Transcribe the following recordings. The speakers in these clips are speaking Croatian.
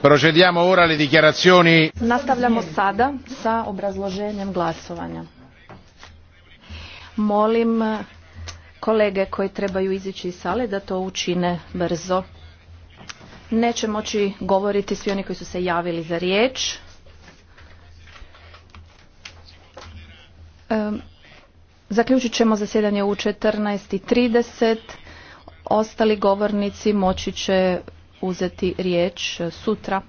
Procediamo ora alle dichiarazioni. Nastavljamo sada sa obrazloženjem glasovanja. Molim kolege koji trebaju izići iz sale da to učine brzo. Neće moći govoriti svi oni koji su se javili za riječ. zaključit ćemo zasjedanje u 14.30. Ostali govornici moći će uzeti riječ e, sutra.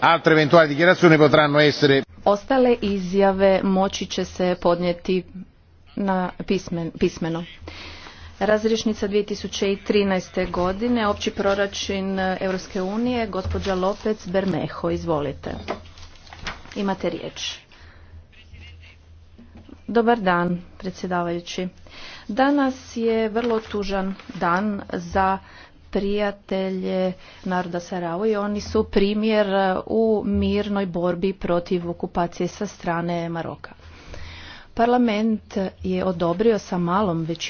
Altre eventuali dichiarazioni potranno essere Ostale izjave moći će se podnijeti na pismen, pismeno. Razrišnica 2013. godine, opći proračun Europske unije, gospođa Lopec Bermeho, izvolite. Imate riječ. Dobar dan, predsjedavajući. Danas je vrlo tužan dan za prijatelje naroda Sarajevo i oni su primjer u mirnoj borbi protiv okupacije sa strane Maroka. Parlament je odobrio sa malom većinom